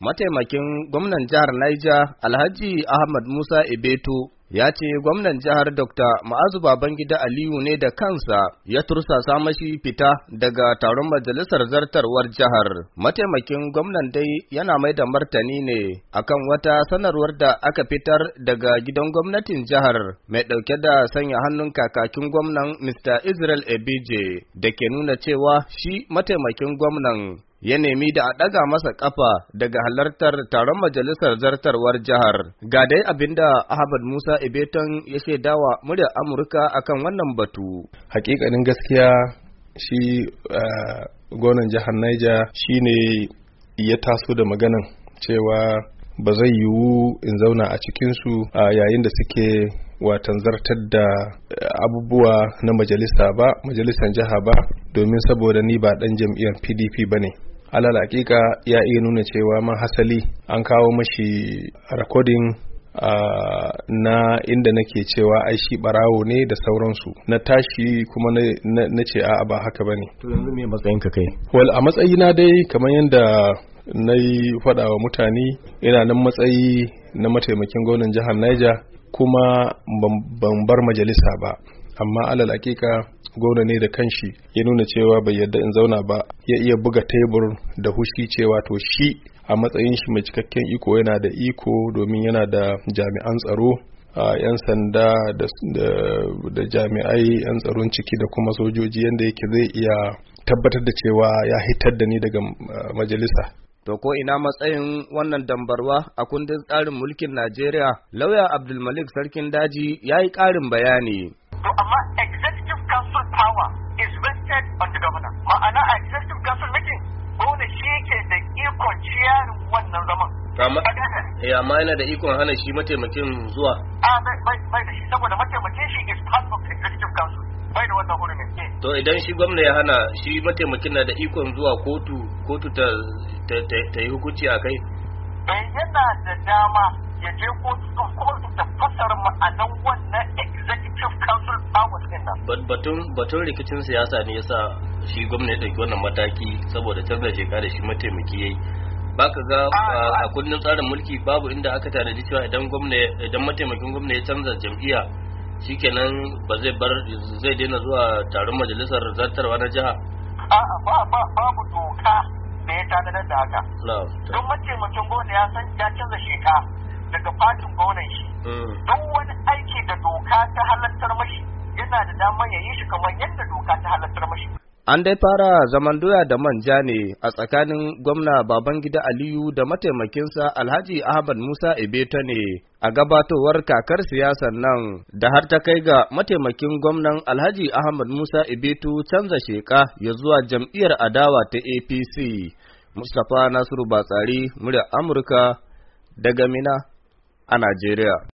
Mataimakin gwamnan jihar Niger Alhaji Ahmad Musa Ibeto ya ce gwamnan jihar Dr. Ma'azu Babangida Aliyu ne da kansa ya tursasa mashi fita daga taron majalisar zartarwar jihar. Mataimakin gwamnan dai yana mai da martani ne akan wata sanarwar da aka fitar daga gidan gwamnatin jihar mai ɗauke da sanya hannun kakakin gwamnan Mr. Israel Ebije da ke nuna cewa shi mataimakin gwamnan ya nemi da a ɗaga masa ƙafa daga halartar taron majalisar zartarwar jihar. Ga dai abin da Ahmad Musa Ibeton ya shaidawa murya Amurka akan wannan batu. Hakikanin gaskiya shi eh, gonan jihar Niger shi ne ya taso da maganan cewa ba zai yiwu in zauna a cikinsu a yayin da suke watan zartar da eh, abubuwa na majalisa ba majalisan jiha ba domin saboda ni ba ɗan jam'iyyar pdp ba ne alal hakika ya iya nuna cewa man hasali an kawo mashi rakodin Uh, na inda nake cewa ai shi barawo ne da sauransu na tashi kuma na ce a ba haka bane to yanzu me matsayinka kai wal a matsayina dai kamar yadda na yi faɗa wa mutane ina nan matsayi na mataimakin gwamnan jihar Niger kuma ban bar majalisa ba amma alal hakika gwamna ne da kanshi ya nuna cewa bai yarda in zauna ba ya iya buga tebur da hushi cewa to shi a matsayin shi mai cikakken iko yana da iko domin yana da jami'an tsaro a 'yan sanda da jami'ai 'yan tsaron ciki da kuma sojoji yadda yake zai iya tabbatar da cewa ya hitar da ni daga majalisa To ko ina matsayin wannan dambarwa a kundin tsarin mulkin Najeriya, lauya Abdulmalik Sarkin Daji ya yi ƙarin bayani. To amma ban governor ma'ana a executive council meeting gwamna shi yake da ikon ciyarin wannan zaman eh, amma yana da ikon hana shi mataimakin zuwa a ah, bai da shi saboda mataimakin shi is part of executive council bai da wannan hurumin to idan shi gwamna ya hana shi mataimakin na da ikon zuwa kotu kotu ta yi hukunci a kai eh, yana da dama ya je kotu batun batun rikicin siyasa ne yasa shi gwamnati ɗauki wannan mataki saboda canza shekara da shi mataimaki yayi baka ga ah, a ah. kundin tsarin mulki babu inda aka tanadi cewa idan gwamnati idan mataimakin gwamna ya canza jam'iyya shikenan ba zai bar zai daina zuwa taron majalisar zartarwa na jiha a'a ah, ba ba babu doka da ya tanadar da haka don mataimakin gwamna ya san ya canza sheka daga fatin gwamnati shi mm. duk wani aiki da doka ta dama ya yi shi kamar yadda doka ta halartar mashi. An dai fara zaman doya da manja ne a tsakanin gwamna Babangida Aliyu da mataimakinsa Alhaji Ahmad Musa ebeto ne a gabatowar kakar siyasar nan da har ta kai ga mataimakin gwamnan Alhaji Ahmad Musa Ebetu canza sheka ya zuwa jam'iyyar adawa ta APC. Mustapha Nasiru Batsari, murya Amurka daga Mina a Najeriya.